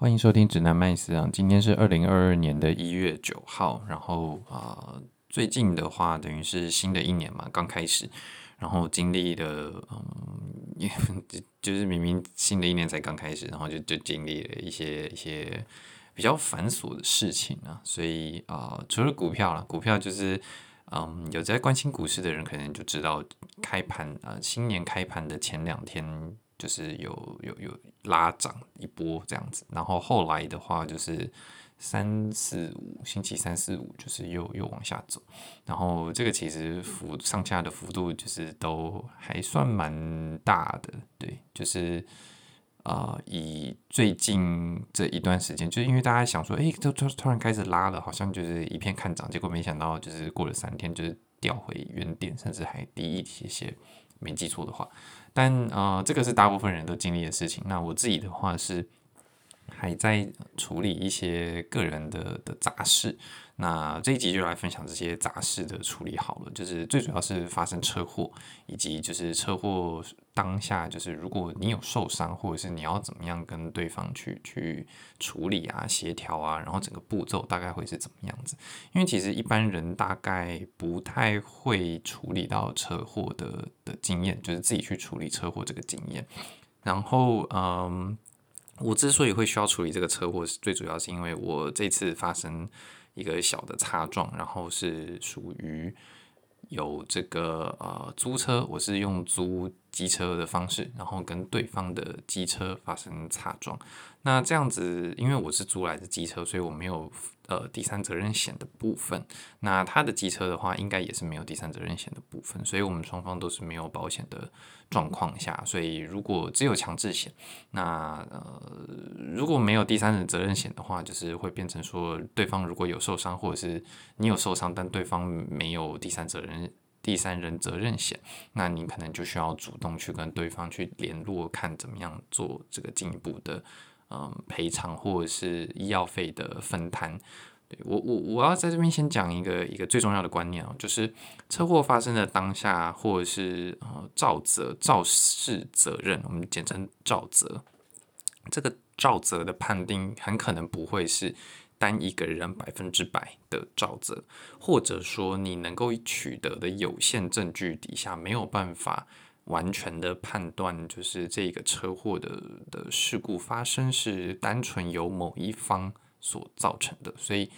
歡迎收聽指南麥斯啊，今天是二零二二年的一月九號，然後啊、呃，最近的話，等於是新的一年嘛，剛開始，然後經歷的，嗯也，就是明明新的一年才剛開始，然後就就經歷了一些一些比較繁瑣的事情啊，所以啊、呃，除了股票啦，股票就是，嗯，有在關心股市的人可能就知道，開盤啊、呃，新年開盤的前兩天。就是有有有拉漲一波這樣子，然後後來的話就是三四五星期三四五就是又又往下走，然後這個其實幅上下的幅度就是都還算蠻大的，對，就是呃以最近這一段時間，就是、因為大家想說，哎、欸，突突突然開始拉了，好像就是一片看漲，結果沒想到就是過了三天就是掉回原點，甚至還低一些些，沒記錯的話。但啊，這個是大部分人都經歷的事情。那我自己的話是還在處理一些個人的的雜事。那這一集就來分享這些雜事的處理好了，就是最主要是發生車禍，以及就是車禍當下，就是如果你有受傷，或者是你要怎麼樣跟對方去去處理啊、協調啊，然後整個步驟大概會是怎麼樣子？因為其實一般人大概不太會處理到車禍的的經驗，就是自己去處理車禍這個經驗。然後，嗯，我之所以會需要處理這個車禍，是最主要是因為我這次發生。一個小的擦撞，然後是屬於有這個呃租車，我是用租機車的方式，然後跟對方的機車發生擦撞。那這樣子，因為我是租來的機車，所以我沒有。呃，第三責任險的部分，那他的機車的話，應該也是沒有第三責任險的部分，所以我們雙方都是沒有保險的狀況下，所以如果只有強制險，那呃，如果沒有第三人責任險的話，就是會變成說，對方如果有受傷，或者是你有受傷，但對方沒有第三責任，第三人責任險，那你可能就需要主動去跟對方去聯絡，看怎麼樣做這個進一步的。嗯，賠償、呃、或者是醫藥費的分攤，對，我我我要在這邊先講一個一個最重要的觀念哦、喔，就是車禍發生的當下或者是呃，肇責肇事責任，我們簡稱肇責。這個肇責的判定很可能不會是單一個人百分之百的肇責，或者說你能夠取得的有限證據底下沒有辦法。完全的判斷就是這個車禍的的事故發生是單純由某一方所造成的，所以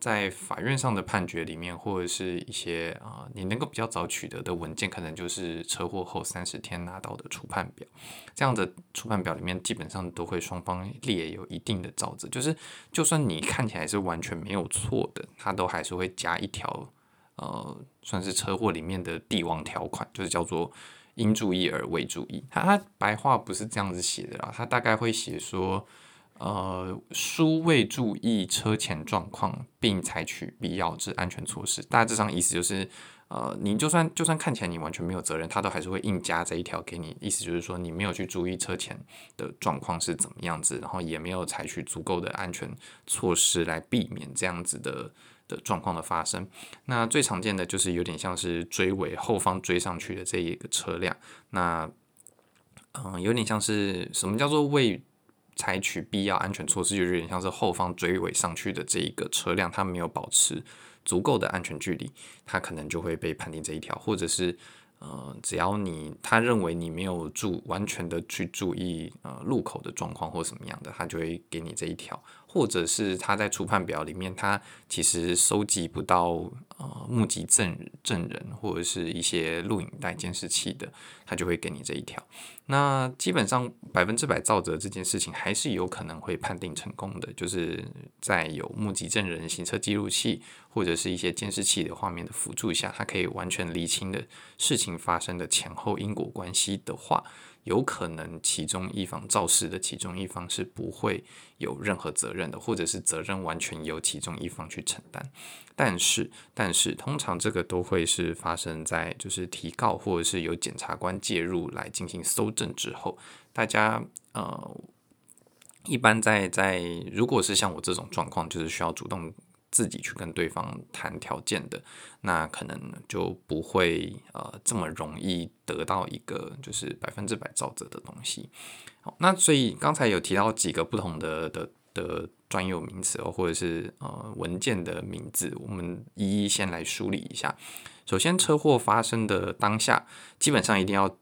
在法院上的判決裡面，或者是一些啊、呃，你能夠比較早取得的文件，可能就是車禍後三十天拿到的初判表。這樣的初判表裡面，基本上都會雙方列有一定的肇責，就是就算你看起來是完全沒有錯的，他都還是會加一條，呃，算是車禍裡面的帝王條款，就是叫做。應注意而未注意，他他白話不是這樣子寫的啦，他大概會寫說，呃，疏未注意車前狀況，並採取必要之安全措施。大致上意思就是，呃，你就算就算看起來你完全沒有責任，他都還是會硬加這一條給你，意思就是說你沒有去注意車前的狀況是怎麼樣子，然後也沒有採取足夠的安全措施來避免這樣子的。的狀況的發生，那最常見的就是有點像是追尾，後方追上去的這一個車輛，那嗯、呃，有點像是什麼叫做未採取必要安全措施，就是、有點像是後方追尾上去的這一個車輛，它沒有保持足夠的安全距離，他可能就會被判定這一條，或者是嗯、呃，只要你他認為你沒有注完全的去注意呃路口的狀況或什麼樣的，他就會給你這一條。或者是他在初判表裡面，他其實收集不到呃目擊證證人、證人或者是一些錄影帶監視器的，他就會給你這一條。那基本上百分之百肇責這件事情還是有可能會判定成功的，就是在有目擊證人、行車記錄器或者是一些監視器的畫面的輔助下，他可以完全釐清的事情發生的前後因果關係的話。有可能其中一方肇事的，其中一方是不會有任何責任的，或者是責任完全由其中一方去承擔。但是，但是通常這個都會是發生在就是提告或者是由檢察官介入來進行搜證之後，大家呃，一般在在如果是像我這種狀況，就是需要主動。自己去跟對方談條件的，那可能就不會呃這麼容易得到一個就是百分之百照澤的東西。好，那所以剛才有提到幾個不同的的的專有名詞哦，或者是呃文件的名字，我們一一先來梳理一下。首先，車禍發生的當下，基本上一定要，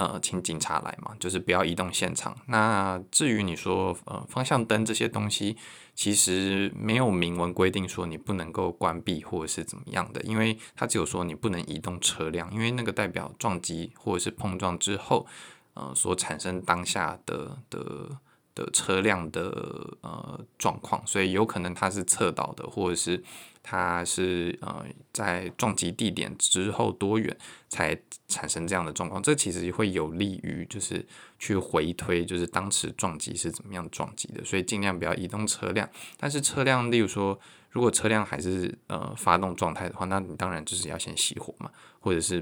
呃，請警察來嘛，就是不要移動現場。那至於你說呃方向燈這些東西，其實沒有明文規定說你不能夠關閉或者是怎麼樣的，因為它只有說你不能移動車輛，因為那個代表撞擊或者是碰撞之後，呃，所產生當下的的的車輛的呃狀況，所以有可能它是側倒的或者是。它是呃在撞擊地點之後多遠才產生這樣的狀況？這其實會有利於就是去回推，就是當時撞擊是怎麼樣撞擊的。所以盡量不要移動車輛。但是車輛，例如說，如果車輛還是呃發動狀態的話，那你當然就是要先熄火嘛，或者是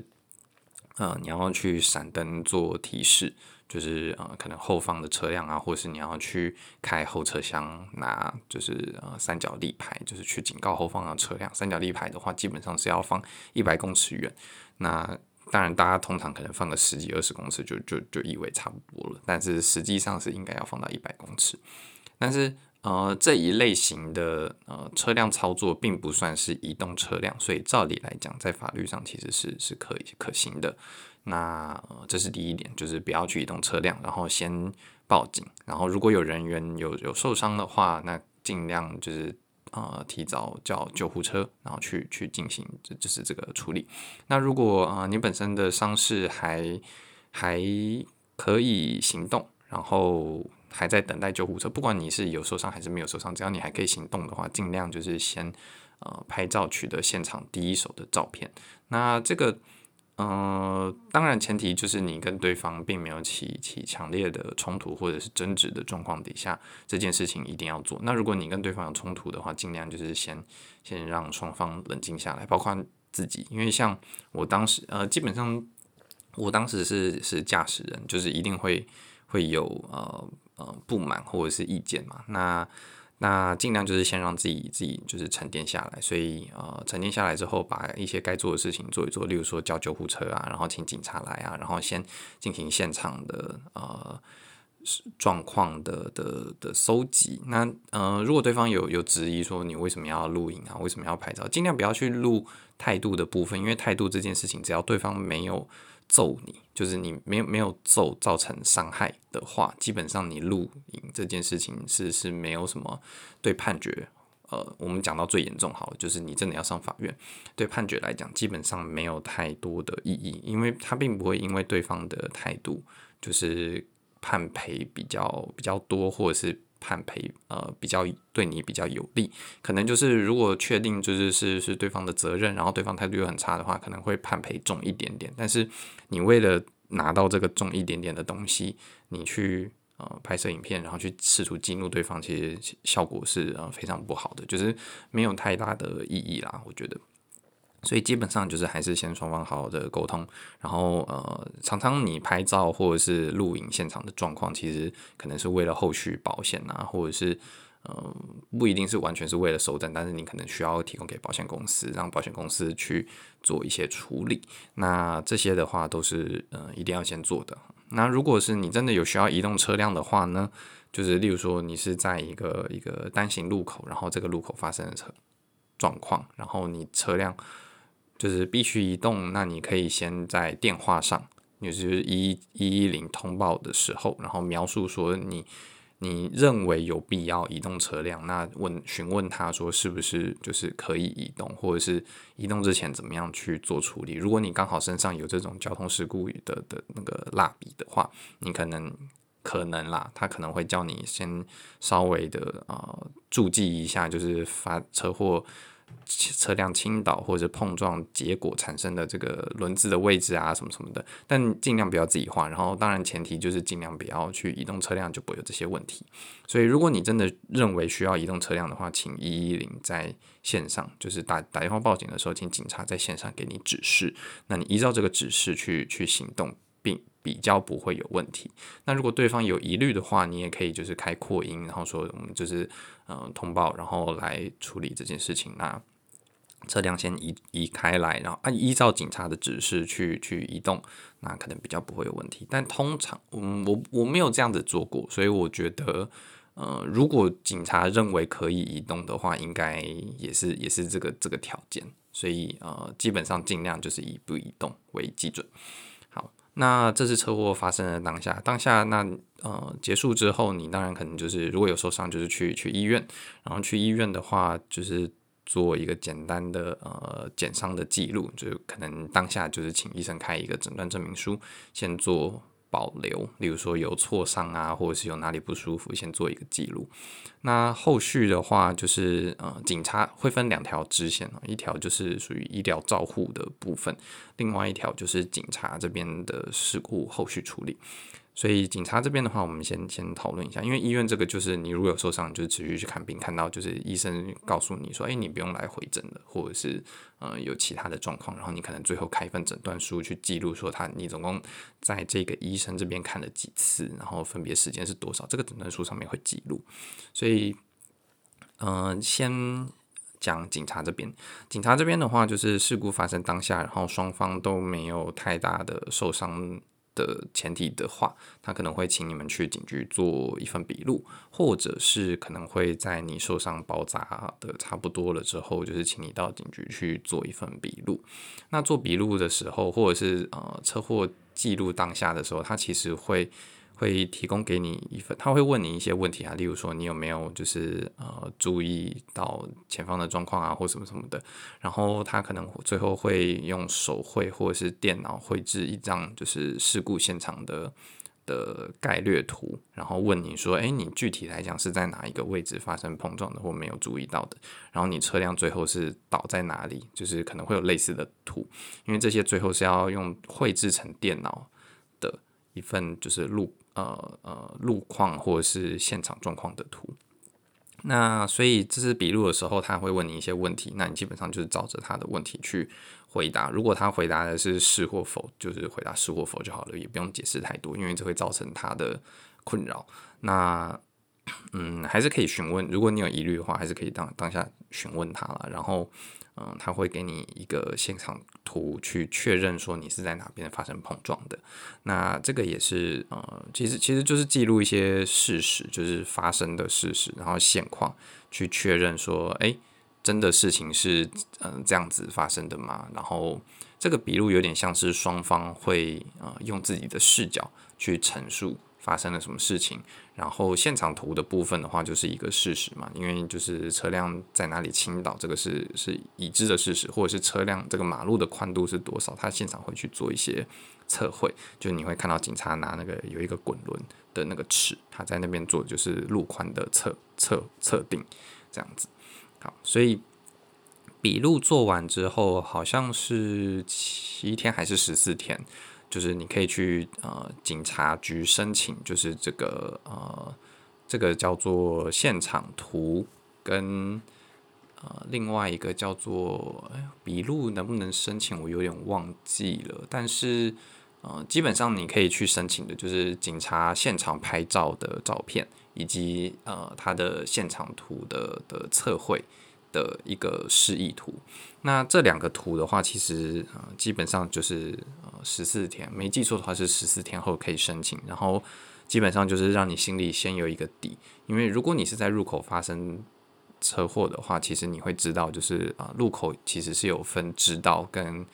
嗯，呃，你要去閃燈做提示。就是呃，可能後方的車輛啊，或是你要去開後車廂拿，就是呃三角立牌，就是去警告後方的車輛。三角立牌的話，基本上是要放一百公尺遠。那當然，大家通常可能放個十幾二十公尺就就就，就以為差不多了，但是實際上是應該要放到一百公尺。但是呃這一類型的呃車輛操作並不算是移動車輛，所以照理來講，在法律上其實是是可以是可行的。那這是第一點，就是不要去移動車輛，然後先報警。然後如果有人員有有受傷的話，那盡量就是啊、呃，提早叫救護車，然後去去進行這、就是這個處理。那如果啊，你本身的傷勢還還可以行動，然後還在等待救護車，不管你是有受傷還是沒有受傷，只要你還可以行動的話，盡量就是先啊、呃，拍照，取得現場第一手的照片。那這個。呃，當然前提就是你跟對方並沒有起起強烈的衝突或者是爭執的狀況底下，這件事情一定要做。那如果你跟對方有衝突的話，盡量就是先先讓雙方冷靜下來，包括自己，因為像我當時呃，基本上我當時是是駕駛人，就是一定會會有呃呃不滿或者是意見嘛，那。那盡量就是先讓自己自己就是沉澱下來，所以呃沉澱下來之後，把一些該做的事情做一做，例如說叫救護車啊，然後請警察來啊，然後先進行現場的呃狀況的的的收集。那呃如果對方有有質疑說你為什麼要錄影啊，為什麼要拍照，盡量不要去錄態度的部分，因為態度這件事情，只要對方沒有揍你。就是你沒有沒有造造成傷害的話，基本上你錄影這件事情是是沒有什麼對判決，呃，我們講到最嚴重好了，就是你真的要上法院，對判決來講基本上沒有太多的意義，因為他並不會因為對方的態度就是判賠比較比較多或者是。判賠呃比較對你比較有利，可能就是如果確定就是是是對方的責任，然後對方態度又很差的話，可能會判賠重一點點。但是你為了拿到這個重一點點的東西，你去呃拍攝影片，然後去試圖激怒對方，其實效果是呃非常不好的，就是沒有太大的意義啦，我覺得。所以基本上就是還是先雙方好好的溝通，然後呃，常常你拍照或者是錄影現場的狀況，其實可能是為了後續保險啊，或者是呃，不一定是完全是為了蒐證，但是你可能需要提供給保險公司，讓保險公司去做一些處理。那這些的話都是呃一定要先做的。那如果是你真的有需要移動車輛的話呢，就是例如說你是在一個一個單行路口，然後這個路口發生的車狀況，然後你車輛。就是必須移動，那你可以先在電話上，就是一一一一零通報的時候，然後描述說你你認為有必要移動車輛，那問詢問他說是不是就是可以移動，或者是移動之前怎麼樣去做處理。如果你剛好身上有這種交通事故的的那個蠟筆的話，你可能可能啦，他可能會叫你先稍微的啊注記一下，就是發車禍。車輛傾倒或者是碰撞結果產生的這個輪子的位置啊，什麼什麼的，但盡量不要自己畫。然後，當然前提就是盡量不要去移動車輛，就不會有這些問題。所以，如果你真的認為需要移動車輛的話，請一一零在線上，就是打打電話報警的時候，請警察在線上給你指示。那你依照這個指示去去行動，並。比較不會有問題。那如果對方有疑慮的話，你也可以就是開擴音，然後說我們就是嗯、呃、通報，然後來處理這件事情。那車輛先移移開來，然後按依照警察的指示去去移動，那可能比較不會有問題。但通常我我我沒有這樣子做過，所以我覺得嗯、呃，如果警察認為可以移動的話，應該也是也是這個這個條件。所以呃基本上盡量就是以不移動為基準。那這次車禍發生的當下，當下那呃結束之後，你當然可能就是如果有受傷，就是去去醫院，然後去醫院的話，就是做一個簡單的呃檢傷的記錄，就可能當下就是請醫生開一個診斷證明書，先做。保留，例如說有挫傷啊，或者是有哪裡不舒服，先做一個記錄。那後續的話，就是呃，警察會分兩條支線，一條就是屬於醫療照護的部分，另外一條就是警察這邊的事故後續處理。所以警察這邊的話，我們先先討論一下，因為醫院這個就是你如果有受傷，就是持續去看病，看到就是醫生告訴你說，誒、欸，你不用來回診了，或者是呃有其他的狀況，然後你可能最後開一份診斷書去記錄說他你總共在這個醫生這邊看了幾次，然後分別時間是多少，這個診斷書上面會記錄。所以，嗯、呃，先講警察這邊，警察這邊的話就是事故發生當下，然後雙方都沒有太大的受傷。的前提的話，他可能會請你們去警局做一份筆錄，或者是可能會在你受傷包紮的差不多了之後，就是請你到警局去做一份筆錄。那做筆錄的時候，或者是呃車禍記錄當下的時候，他其實會。會提供給你一份，他會問你一些問題啊，例如說你有沒有就是呃注意到前方的狀況啊，或什麼什麼的，然後他可能最後會用手繪或者是電腦繪製一張就是事故現場的的概略圖，然後問你說，誒、欸，你具體來講是在哪一個位置發生碰撞的，或沒有注意到的，然後你車輛最後是倒在哪裡，就是可能會有類似的圖，因為這些最後是要用繪製成電腦的一份就是錄，呃呃，路況或者是現場狀況的圖，那所以這是筆錄的時候，他會問你一些問題，那你基本上就是照着他的問題去回答。如果他回答的是是或否，就是回答是或否就好了，也不用解釋太多，因為這會造成他的困擾。那嗯，還是可以詢問，如果你有疑慮的話，還是可以當當下詢問他了。然後。嗯，他會給你一個現場圖去確認說，你是在哪邊發生碰撞的。那這個也是嗯，其實其實就是記錄一些事實，就是發生的事實，然後現況去確認說，哎，真的事情是嗯，呃，這樣子發生的嗎？然後。這個筆錄有點像是雙方會啊、呃、用自己的視角去陳述發生了什麼事情，然後現場圖的部分的話就是一個事實嘛，因為就是車輛在哪裡傾倒，這個是是已知的事實，或者是車輛這個馬路的寬度是多少，他現場會去做一些測繪，就是你會看到警察拿那個有一個滾輪的那個尺，他在那邊做就是路寬的測測測定，這樣子，好，所以。筆錄做完之後，好像是七天還是十四天，就是你可以去呃警察局申請，就是這個呃這個叫做現場圖跟呃另外一個叫做筆錄、哎、能不能申請我有點忘記了，但是呃基本上你可以去申請的，就是警察現場拍照的照片以及呃他的現場圖的的測繪。的一個示意圖。那這兩個圖的話，其實啊、呃，基本上就是呃十四天，沒記錯的話是十四天後可以申請。然後基本上就是讓你心裡先有一個底，因為如果你是在入口發生車禍的話，其實你會知道，就是啊，路、呃、口其實是有分直道跟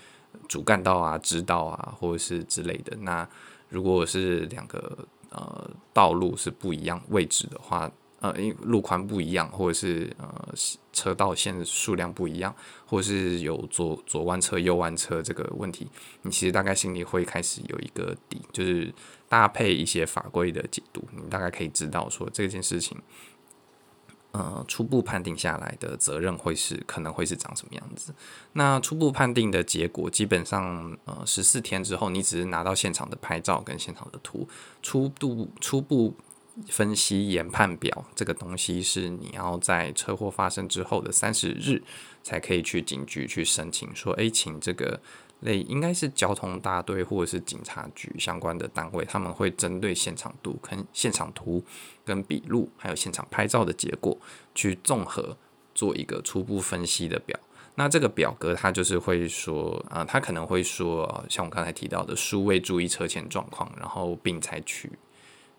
主幹道啊、直道啊，或者是之類的。那如果是兩個呃道路是不一樣位置的話。呃，因、嗯、路寬不一樣，或者是呃車道線數量不一樣，或者是有左左彎車、右彎車這個問題，你其實大概心裡會開始有一個底，就是搭配一些法規的解讀，你大概可以知道說這件事情，呃，初步判定下來的責任會是，可能會是長什麼樣子。那初步判定的結果，基本上呃十四天之後，你只是拿到現場的拍照跟現場的圖，初步初步。分析研判表這個東西是你要在車禍發生之後的三十日才可以去警局去申請說。說、欸，請這個類應該是交通大隊或者是警察局相關的單位，他們會針對現場圖、跟現場圖、跟筆錄，還有現場拍照的結果去綜合做一個初步分析的表。那這個表格它就是會說，啊、呃，他可能會說，像我剛才提到的，疏未注意車前狀況，然後並採取。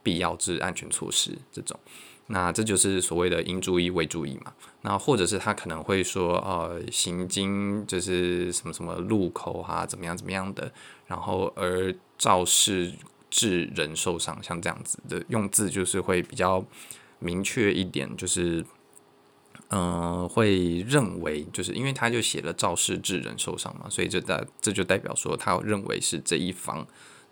必要之安全措施這種，那這就是所謂的應注意未注意嘛。那或者是他可能會說，呃，行經就是什麼什麼路口啊，怎麼樣怎麼樣的，然後而肇事致人受傷，像這樣子的用字就是會比較明確一點，就是嗯、呃，會認為就是因為他就寫了肇事致人受傷嘛，所以這代這就代表說他認為是這一方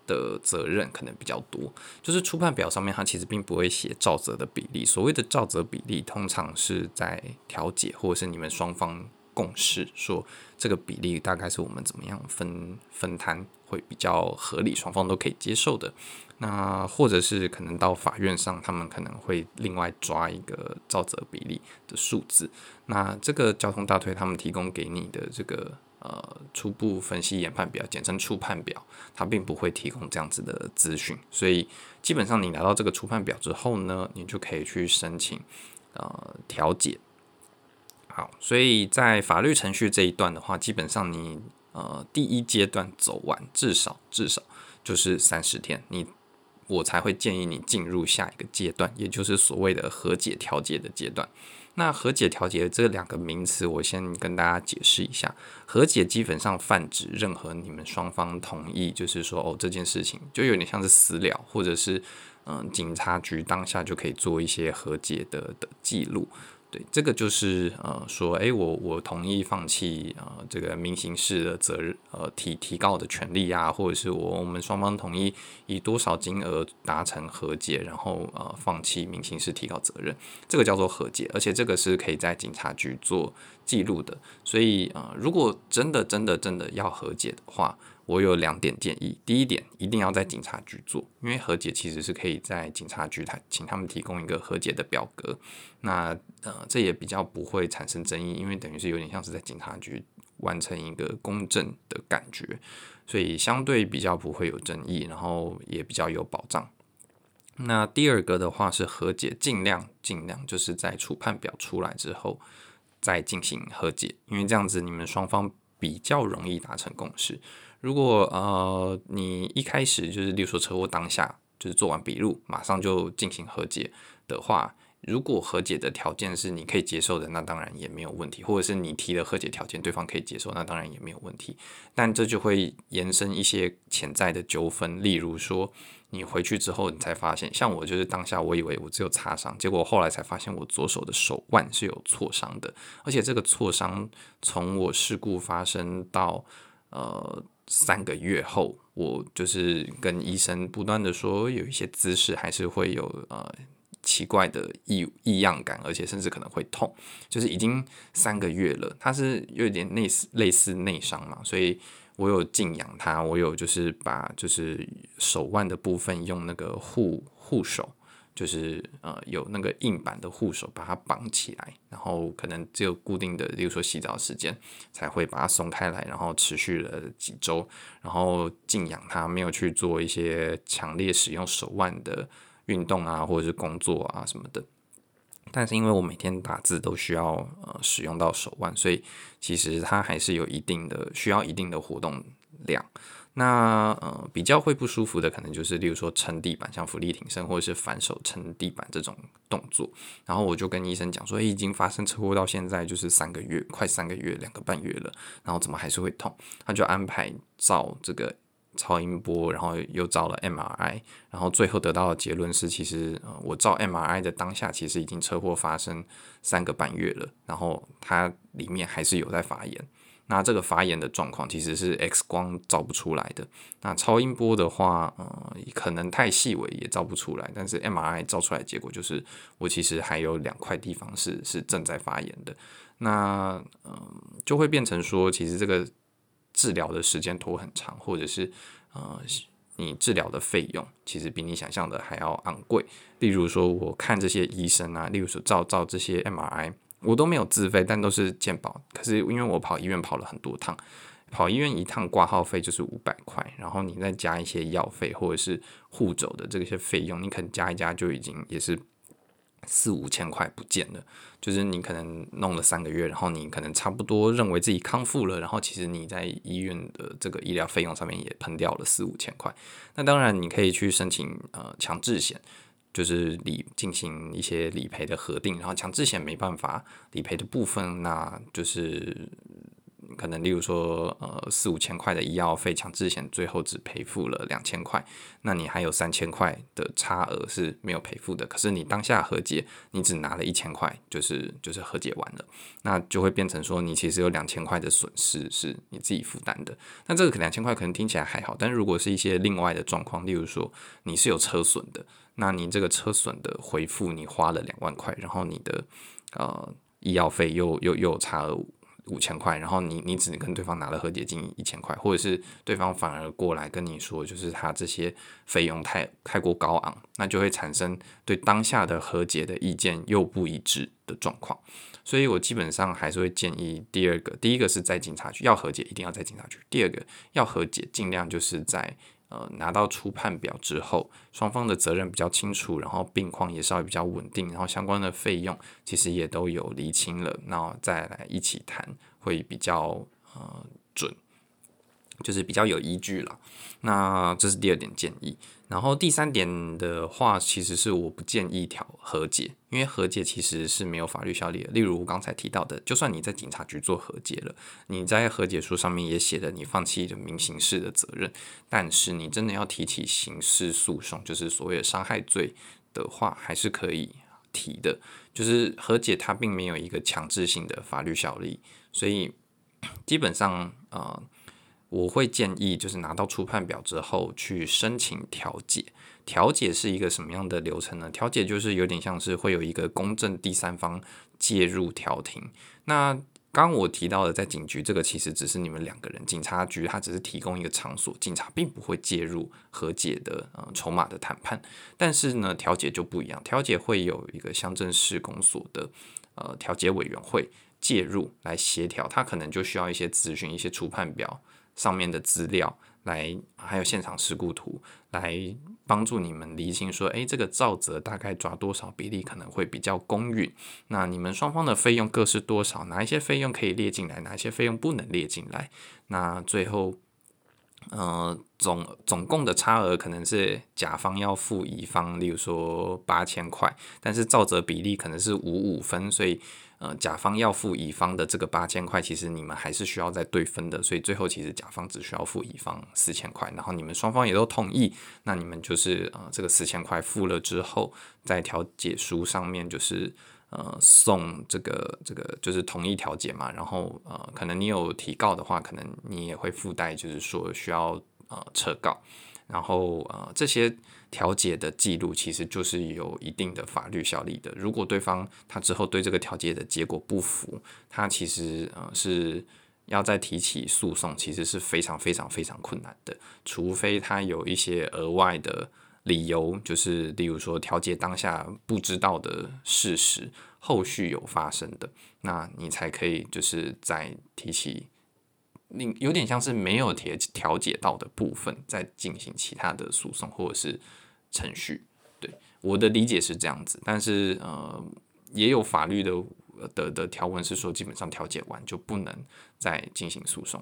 的責任可能比較多，就是初判表上面它其實並不會寫肇責的比例。所謂的肇責比例，通常是在調解或者是你們雙方共識，說這個比例大概是我們怎麼樣分分攤會比較合理，雙方都可以接受的。那或者是可能到法院上，他們可能會另外抓一個肇責比例的數字。那這個交通大隊他們提供給你的這個。呃，初步分析研判表，簡稱初判表，它並不會提供這樣子的資訊，所以基本上你拿到這個初判表之後呢，你就可以去申請呃調解。好，所以在法律程序這一段的話，基本上你呃第一階段走完，至少至少就是三十天，你我才會建議你進入下一個階段，也就是所謂的和解調解的階段。那和解、調解這兩個名詞，我先跟大家解釋一下。和解基本上泛指任何你們雙方同意，就是說哦，這件事情就有點像是私了，或者是嗯，警察局當下就可以做一些和解的的記錄。這個就是呃，說，哎，我我同意放棄啊、呃，這個民刑事的責任，呃，提提告的權利啊，或者是我我們雙方同意以多少金額達成和解，然後呃，放棄民刑事提告責任，這個叫做和解，而且這個是可以在警察局做記錄的，所以啊、呃，如果真的真的真的要和解的話。我有兩點建議，第一點一定要在警察局做，因為和解其實是可以在警察局請他們提供一個和解的表格。那呃，這也比較不會產生爭議，因為等於是有點像是在警察局完成一個公正的感覺，所以相對比較不會有爭議，然後也比較有保障。那第二個的話是和解，盡量盡量就是在初判表出來之後再進行和解，因為這樣子你們雙方比較容易達成共識。如果呃，你一開始就是，例如說車禍當下就是做完筆錄，馬上就進行和解的話，如果和解的條件是你可以接受的，那當然也沒有問題，或者是你提的和解條件對方可以接受，那當然也沒有問題。但這就會延伸一些潛在的糾紛，例如說你回去之後你才發現，像我就是當下我以為我只有擦傷，結果後來才發現我左手的手腕是有挫傷的，而且這個挫傷從我事故發生到呃。三個月後，我就是跟醫生不斷的說，有一些姿勢還是會有呃奇怪的異異樣感，而且甚至可能會痛，就是已經三個月了，它是有點類似類似內傷嘛，所以我有靜養它，我有就是把就是手腕的部分用那個護護手。就是呃有那個硬板的護手，把它綁起來，然後可能只有固定的，例如說洗澡時間才會把它鬆開來，然後持續了幾周，然後靜養它，沒有去做一些強烈使用手腕的運動啊，或者是工作啊什麼的。但是因為我每天打字都需要呃使用到手腕，所以其實它還是有一定的需要一定的活動量。那呃比較會不舒服的，可能就是例如說撐地板，像伏地挺身或者是反手撐地板這種動作。然後我就跟醫生講說、欸，已經發生車禍到現在就是三個月，快三個月，兩個半月了，然後怎麼還是會痛？他就安排照這個超音波，然後又照了 MRI，然後最後得到的結論是，其實、呃、我照 MRI 的當下，其實已經車禍發生三個半月了，然後它裡面還是有在發炎。那這個發炎的狀況其實是 X 光照不出來的。那超音波的話，嗯、呃，可能太細微也照不出來。但是 MRI 照出來的結果就是，我其實還有兩塊地方是是正在發炎的。那嗯、呃，就會變成說，其實這個治療的時間拖很長，或者是嗯、呃，你治療的費用其實比你想象的還要昂貴。例如說，我看這些醫生啊，例如說照照這些 MRI。我都沒有自費，但都是健保。可是因為我跑醫院跑了很多趟，跑醫院一趟掛號費就是五百塊，然後你再加一些藥費或者是護走的這些費用，你可能加一加就已經也是四五千塊不見了。就是你可能弄了三個月，然後你可能差不多認為自己康復了，然後其實你在醫院的這個醫療費用上面也噴掉了四五千塊。那當然你可以去申請呃強制險。就是理進行一些理賠的核定，然後強制險沒辦法理賠的部分，那就是可能例如說呃四五千塊的醫藥費，強制險最後只賠付了兩千塊，那你還有三千塊的差額是沒有賠付的。可是你當下和解，你只拿了一千塊，就是就是和解完了，那就會變成說你其實有兩千塊的損失是你自己負擔的。那這個兩千塊可能聽起來還好，但如果是一些另外的狀況，例如說你是有車損的。那你這個車損的回復，你花了兩萬塊，然後你的呃醫藥費又又又差了五,五千塊，然後你你只跟對方拿了和解金一千塊，或者是對方反而過來跟你說，就是他這些費用太太過高昂，那就會產生對當下的和解的意見又不一致的狀況。所以我基本上還是會建議第二個，第一個是在警察局要和解，一定要在警察局；第二個要和解，盡量就是在。呃，拿到初判表之後，雙方的責任比較清楚，然後病況也稍微比較穩定，然後相關的費用其實也都有釐清了，那再來一起談會比較呃準，就是比較有依據了。那這是第二點建議。然後第三點的話，其實是我不建議調和解，因為和解其實是沒有法律效力的。例如剛才提到的，就算你在警察局做和解了，你在和解書上面也寫了你放棄的民刑事的責任，但是你真的要提起刑事訴訟，就是所謂傷害罪的話，還是可以提的。就是和解它並沒有一個強制性的法律效力，所以基本上啊。呃我會建議，就是拿到初判表之後去申請調解。調解是一個什麼樣的流程呢？調解就是有點像是會有一個公正第三方介入調停。那剛剛我提到的在警局，這個其實只是你們兩個人，警察局他只是提供一個場所，警察並不會介入和解的呃籌碼的談判。但是呢，調解就不一樣，調解會有一個鄉鎮市公所的呃調解委員會介入來協調，他可能就需要一些資訊，一些初判表。上面的資料來，還有現場事故圖來幫助你們釐清，說，誒、欸，這個肇責大概抓多少比例可能會比較公允。那你們雙方的費用各是多少？哪一些費用可以列進來？哪一些費用不能列進來？那最後，嗯、呃，總總共的差額可能是甲方要付乙方，例如說八千塊，但是肇責比例可能是五五分，所以。呃，甲方要付乙方的這個八千塊，其實你們還是需要再對分的，所以最後其實甲方只需要付乙方四千塊，然後你們雙方也都同意，那你們就是，呃，這個四千塊付了之後，在調解書上面就是呃送這個這個就是同意調解嘛，然後呃可能你有提告的話，可能你也會附帶就是說需要呃撤告，然後呃這些。調解的記錄其實就是有一定的法律效力的。如果對方他之後對這個調解的結果不服，他其實呃是要再提起訴訟，其實是非常非常非常困難的。除非他有一些額外的理由，就是例如說調解當下不知道的事實，後續有發生的，那你才可以就是再提起，有點像是沒有調調解到的部分再進行其他的訴訟，或者是。程序對我的理解，是這樣子，但是呃，也有法律的的的的條文是說，基本上調解完就不能再進行訴訟。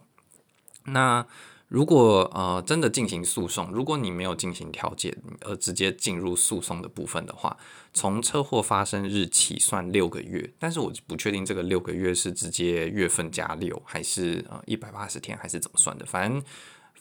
那如果呃真的進行訴訟，如果你沒有進行調解而、呃、直接進入訴訟的部分的話，從車禍發生日起算六個月，但是我不確定這個六個月是直接月份加六，還是呃一百八十天，還是怎麼算的，反正。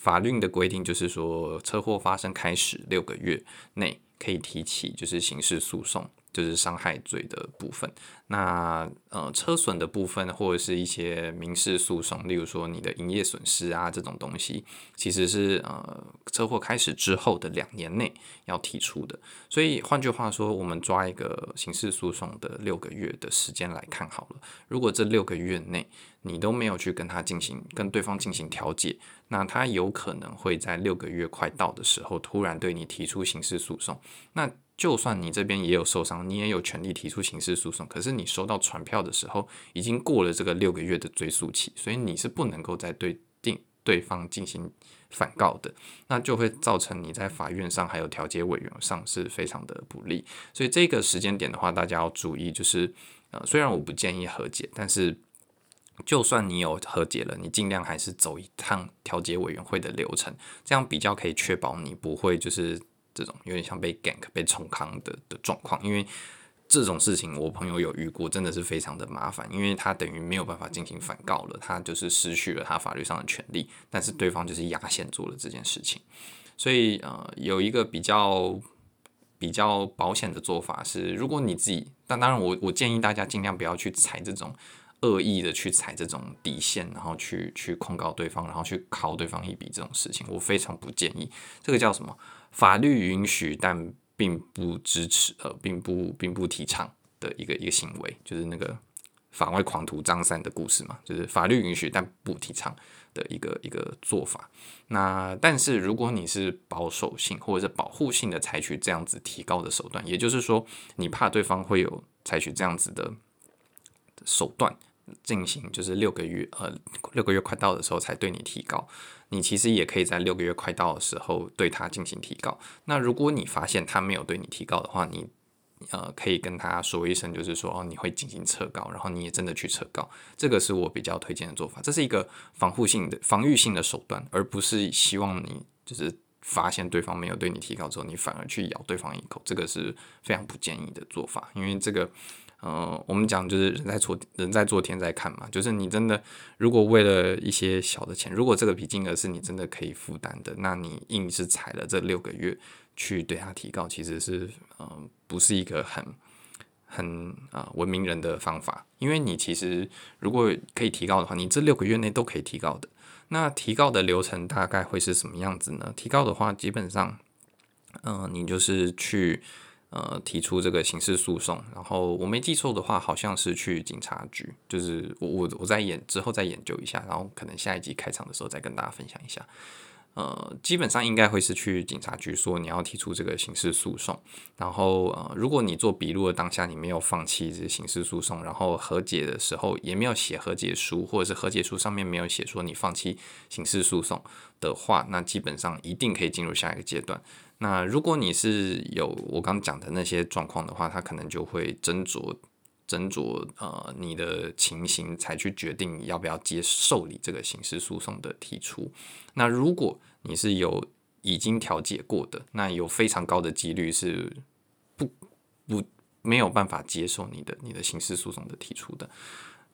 法律的規定就是說，車禍發生開始六個月內可以提起，就是刑事訴訟，就是傷害罪的部分。那呃，車損的部分或者是一些民事訴訟，例如說你的營業損失啊這種東西，其實是呃，車禍開始之後的兩年內要提出的。所以換句話說，我們抓一個刑事訴訟的六個月的時間來看好了。如果這六個月內你都沒有去跟他進行跟對方進行調解。那他有可能會在六個月快到的時候，突然對你提出刑事訴訟。那就算你這邊也有受傷，你也有權利提出刑事訴訟。可是你收到傳票的時候，已經過了這個六個月的追訴期，所以你是不能夠再對定對方進行反告的。那就會造成你在法院上還有調解委員上是非常的不利。所以這個時間點的話，大家要注意，就是呃，雖然我不建議和解，但是。就算你有和解了，你盡量還是走一趟調解委員會的流程，這樣比較可以確保你不會就是這種有點像被 gank、被衝康的的狀況。因為這種事情，我朋友有遇過，真的是非常的麻煩，因為他等於沒有辦法進行反告了，他就是失去了他法律上的權利，但是對方就是壓線做了這件事情，所以呃，有一個比較比較保險的做法是，如果你自己，但當然我我建議大家盡量不要去踩這種。惡意的去踩這種底線，然後去去控告對方，然後去敲對方一筆這種事情，我非常不建議。這個叫什麼？法律允許，但並不支持，呃，並不並不提倡的一個一個行為，就是那個法外狂徒張三的故事嘛，就是法律允許但不提倡的一個一個做法。那但是如果你是保守性或者是保護性的採取這樣子提高的手段，也就是說你怕對方會有採取這樣子的手段，進行就是六個月，呃，六個月快到的時候才對你提告。你其實也可以在六個月快到的時候對他進行提告。那如果你發現他沒有對你提告的話，你呃可以跟他說一聲，就是說哦，你會進行撤告，然後你也真的去撤告。這個是我比較推薦的做法，這是一個防護性的、防禦性的手段，而不是希望你就是發現對方沒有對你提告之後，你反而去咬對方一口。這個是非常不建議的做法，因為這個。呃，我們講就是人在做人在做天在看嘛，就是你真的如果為了一些小的錢，如果這個筆金額是你真的可以負擔的，那你硬是踩了這六個月去對它提告，其實是嗯、呃，不是一個很很啊、呃、文明人的方法，因為你其實如果可以提告的話，你這六個月內都可以提告的。那提告的流程大概會是什麼樣子呢？提告的話，基本上，嗯、呃，你就是去。呃，提出這個刑事訴訟，然後我沒記錯的話，好像是去警察局。就是我我我在研之後再研究一下，然後可能下一集開場的時候再跟大家分享一下。呃，基本上應該會是去警察局說你要提出這個刑事訴訟。然後呃，如果你做筆錄的當下你沒有放棄這刑事訴訟，然後和解的時候也沒有寫和解書，或者是和解書上面沒有寫說你放棄刑事訴訟的話，那基本上一定可以進入下一個階段。那如果你是有我剛剛講的那些狀況的話，他可能就會斟酌斟酌呃你的情形，才去決定要不要接受你這個刑事訴訟的提出。那如果你是有已經調解過的，那有非常高的幾率是不不沒有辦法接受你的你的刑事訴訟的提出的，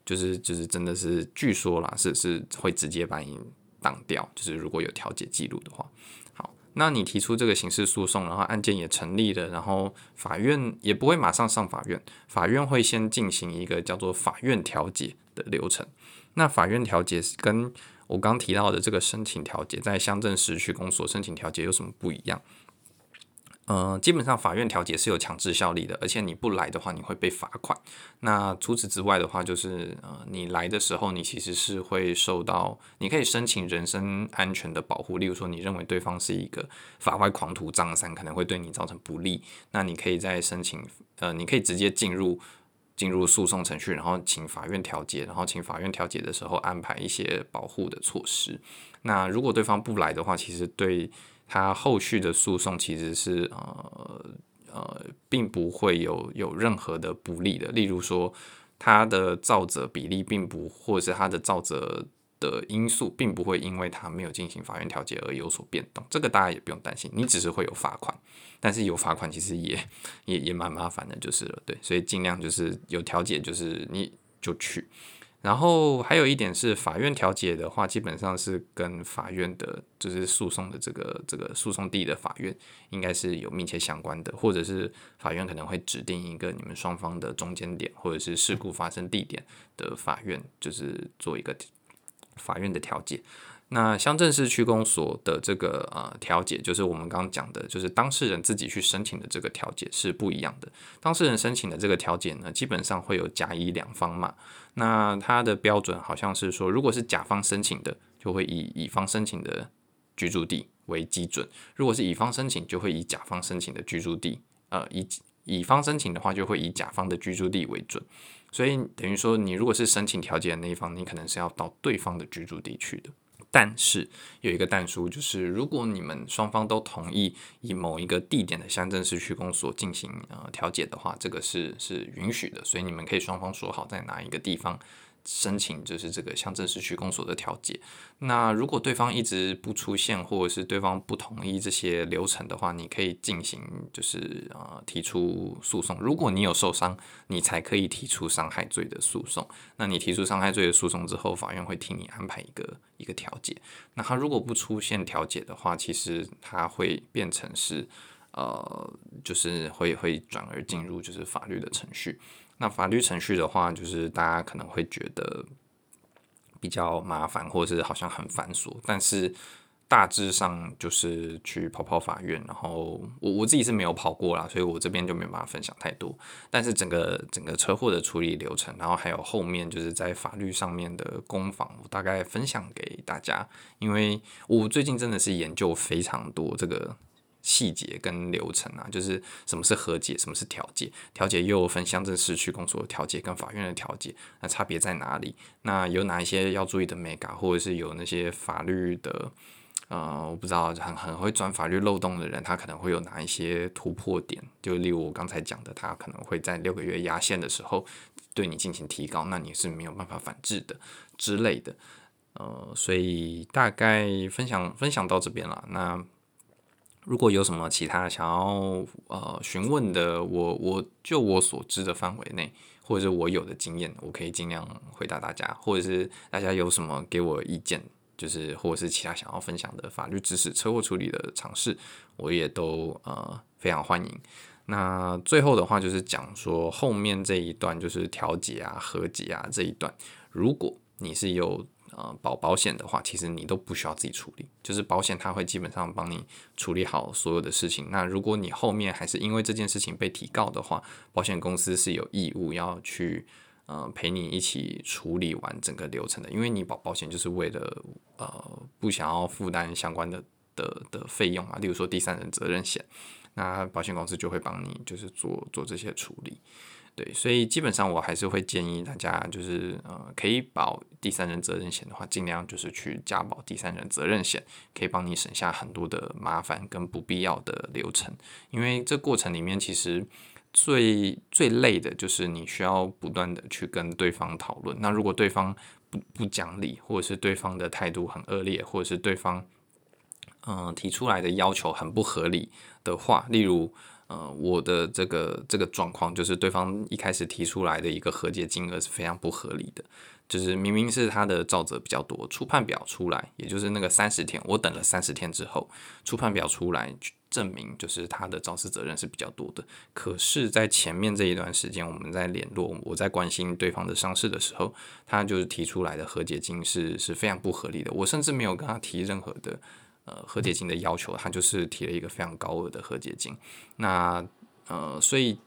就是就是真的是據說啦，是是會直接把你擋掉，就是如果有調解記錄的話，好。那你提出這個刑事訴訟，然後案件也成立了，然後法院也不會馬上上法院，法院會先進行一個叫做法院調解的流程。那法院調解是跟我剛提到的這個申請調解，在鄉鎮、市區公所申請調解有什麼不一樣？嗯、呃，基本上法院調解是有強制效力的，而且你不來的話，你會被罰款。那除此之外的話，就是嗯、呃，你來的時候，你其實是會受到，你可以申請人身安全的保護，例如說你認為對方是一個法外狂徒張三，可能會對你造成不利，那你可以再申請，呃，你可以直接進入進入訴訟程序，然後請法院調解，然後請法院調解的時候安排一些保護的措施。那如果對方不來的話，其實對。他後續的訴訟其實是呃呃，並不會有有任何的不利的，例如說他的肇責比例，並不或者是他的肇責的因素，並不會因為他沒有進行法院調解而有所變動，這個大家也不用擔心，你只是會有罰款，但是有罰款其實也也也蠻麻煩的，就是了，對，所以盡量就是有調解就是你就去。然後還有一點是，法院調解的話，基本上是跟法院的，就是訴訟的這個這個訴訟地的法院應該是有密切相關的，或者是法院可能會指定一個你們雙方的中間點，或者是事故發生地點的法院，就是做一個法院的調解。那鄉鎮市區公所的這個呃調解，就是我們剛剛講的，就是當事人自己去申請的這個調解是不一樣的。當事人申請的這個調解呢，基本上會有甲乙兩方嘛。那它的標準好像是說，如果是甲方申請的，就會以乙方申請的居住地為基準；如果是乙方申請，就會以甲方申請的居住地，呃，以乙方申請的話，就會以甲方的居住地為準。所以等於說，你如果是申請調解的那一方，你可能是要到對方的居住地去的。但是有一個但書，就是如果你們雙方都同意以某一個地點的鄉鎮市區公所進行呃調解的話，這個是是允許的，所以你們可以雙方說好在哪一個地方。申請就是這個鄉鎮市區公所的調解。那如果對方一直不出現，或者是對方不同意這些流程的話，你可以進行就是啊、呃、提出訴訟。如果你有受傷，你才可以提出傷害罪的訴訟。那你提出傷害罪的訴訟之後，法院會替你安排一個一個調解。那他如果不出現調解的話，其實他會變成是呃，就是會會轉而進入就是法律的程序。那法律程序的話，就是大家可能會覺得比較麻煩，或者是好像很繁瑣。但是大致上，就是去跑跑法院，然後我我自己是沒有跑過啦，所以我這邊就沒有辦法分享太多。但是整個整個車禍的處理流程，然後還有後面就是在法律上面的攻防，我大概分享給大家。因為我最近真的是研究非常多這個。細節跟流程啊，就是什麼是和解，什麼是調解，調解又分鄉鎮、市區、公所的調解跟法院的調解，那差別在哪裡？那有哪一些要注意的美感，或者是有那些法律的，呃，我不知道很很會鑽法律漏洞的人，他可能會有哪一些突破點？就例如我剛才講的，他可能會在六個月壓線的時候對你進行提告，那你是沒有辦法反制的之類的，呃，所以大概分享分享到這邊了，那。如果有什麼其他想要呃詢問的，我我就我所知的範圍內，或者是我有的經驗，我可以盡量回答大家，或者是大家有什麼給我意見，就是或者是其他想要分享的法律知識、車禍處理的常識，我也都呃非常歡迎。那最後的話就是講說後面這一段就是調解啊、和解啊這一段，如果你是有。呃，保保險的話，其實你都不需要自己處理，就是保險它會基本上幫你處理好所有的事情。那如果你後面還是因為這件事情被提告的話，保險公司是有義務要去呃陪你一起處理完整個流程的，因為你保保險就是為了呃不想要負擔相關的的的費用啊，例如說第三人責任險，那保險公司就會幫你就是做做這些處理。對，所以基本上我還是會建議大家，就是呃，可以保第三人責任險的話，儘量就是去加保第三人責任險，可以幫你省下很多的麻煩跟不必要的流程。因為這過程裡面其實最最累的就是你需要不斷地去跟對方討論。那如果對方不不講理，或者是對方的態度很惡劣，或者是對方嗯、呃、提出來的要求很不合理的話，例如。嗯、呃，我的這個這個狀況就是，對方一開始提出來的一個和解金額是非常不合理的，就是明明是他的肇責比較多，初判表出來，也就是那個三十天，我等了三十天之後，初判表出來，證明就是他的肇事責任是比較多的。可是，在前面這一段時間，我們在聯絡，我在關心對方的傷勢的時候，他就是提出來的和解金是是非常不合理的，我甚至沒有跟他提任何的。呃，和解金的要求，他就是提了一個非常高額的和解金。那呃，所以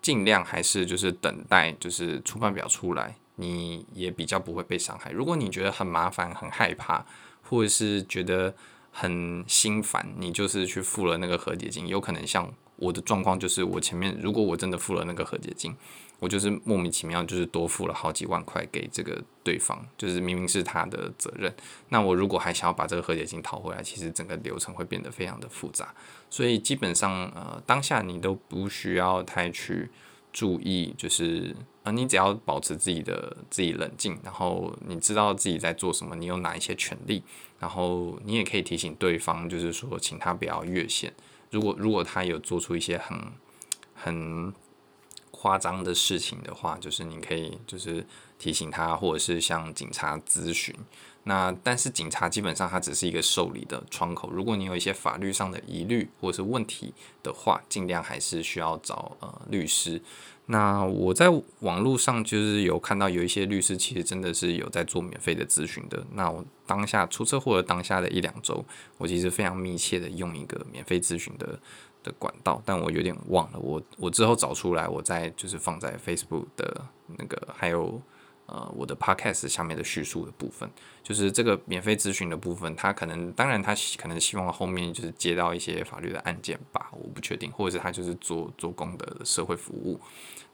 盡量還是就是等待就是初判表出來，你也比較不會被傷害。如果你覺得很麻煩、很害怕，或者是覺得很心煩，你就是去付了那個和解金，有可能像我的狀況，就是我前面如果我真的付了那個和解金。我就是莫名其妙，就是多付了好幾萬塊給這個對方，就是明明是他的責任。那我如果還想要把這個和解金討回來，其實整個流程會變得非常的複雜。所以基本上，呃，當下你都不需要太去注意，就是呃，你只要保持自己的自己冷靜，然後你知道自己在做什麼，你有哪一些權利，然後你也可以提醒對方，就是說請他不要越線。如果如果他有做出一些很很誇張的事情的話，就是你可以就是提醒他，或者是向警察諮詢。那但是警察基本上他只是一個受理的窗口。如果你有一些法律上的疑慮或者是問題的話，儘量還是需要找呃律師。那我在網絡上就是有看到有一些律師其實真的是有在做免費的諮詢的。那我當下出車禍的當下的一兩周，我其實非常密切的用一個免費諮詢的。的管道，但我有點忘了，我我之後找出來，我再就是放在 Facebook 的那個，還有呃我的 Podcast 下面的敘述的部分，就是這個免費諮詢的部分，他可能當然他可能希望後面就是接到一些法律的案件吧，我不確定，或者是他就是做做功德的社會服務，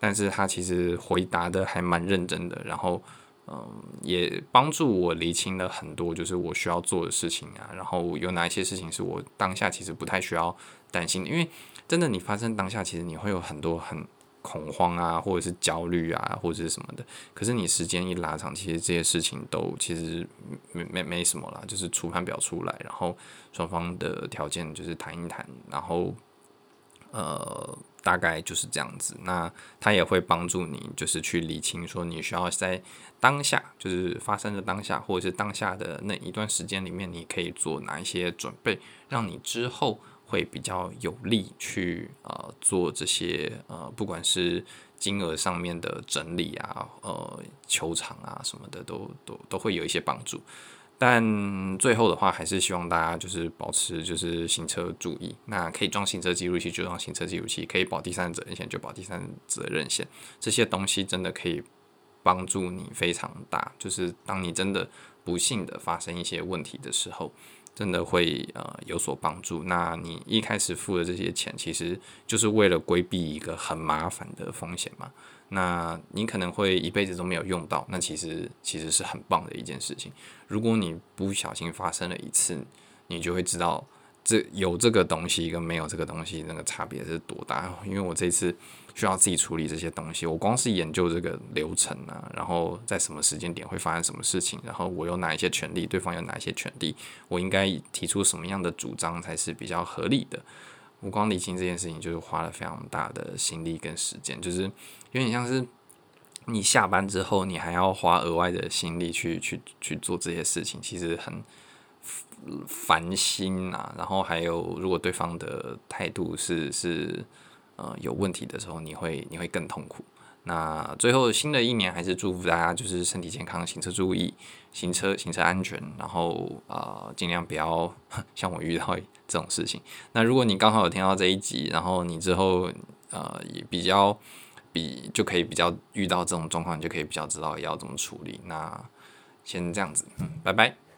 但是他其實回答的還蠻認真的，然後。嗯，也幫助我理清了很多，就是我需要做的事情啊，然後有哪一些事情是我當下其實不太需要擔心的，因為真的你發生當下，其實你會有很多很恐慌啊，或者是焦慮啊，或者是什麼的。可是你時間一拉長，其實這些事情都其實沒沒沒什麼啦，就是初判表出來，然後雙方的條件就是談一談，然後呃。大概就是這樣子，那他也會幫助你，就是去理清說你需要在當下，就是發生的當下，或者是當下的那一段時間裡面，你可以做哪一些準備，讓你之後會比較有力去呃做這些呃，不管是金額上面的整理啊，呃，求償啊什麼的，都都都會有一些幫助。但最後的話，還是希望大家就是保持就是行車注意，那可以裝行車記錄器就裝行車記錄器，可以保第三者險就保第三者責任險，這些東西真的可以幫助你非常大，就是當你真的不幸地發生一些問題的時候。真的會呃有所幫助。那你一開始付的這些錢，其實就是為了規避一個很麻煩的風險嘛。那你可能會一輩子都沒有用到，那其實其實是很棒的一件事情。如果你不小心發生了一次，你就會知道這有這個東西跟沒有這個東西的那個差別是多大。因為我這次。需要自己處理這些東西。我光是研究這個流程啊，然後在什麼時間點會發生什麼事情，然後我有哪一些權利，對方有哪一些權利，我應該提出什麼樣的主張才是比較合理的。我光理清這件事情，就是花了非常大的心力跟時間，就是有點像是你下班之後，你還要花額外的心力去去去做這些事情，其實很煩心啊。然後還有，如果對方的態度是是，呃，有問題的時候，你會你會更痛苦。那最後，新的一年還是祝福大家，就是身體健康，行車注意，行車行車安全，然後呃，盡量不要像我遇到這種事情。那如果你剛好有聽到這一集，然後你之後呃也比較比就可以比較遇到這種狀況，你就可以比較知道要怎麼處理。那先這樣子，嗯，拜拜。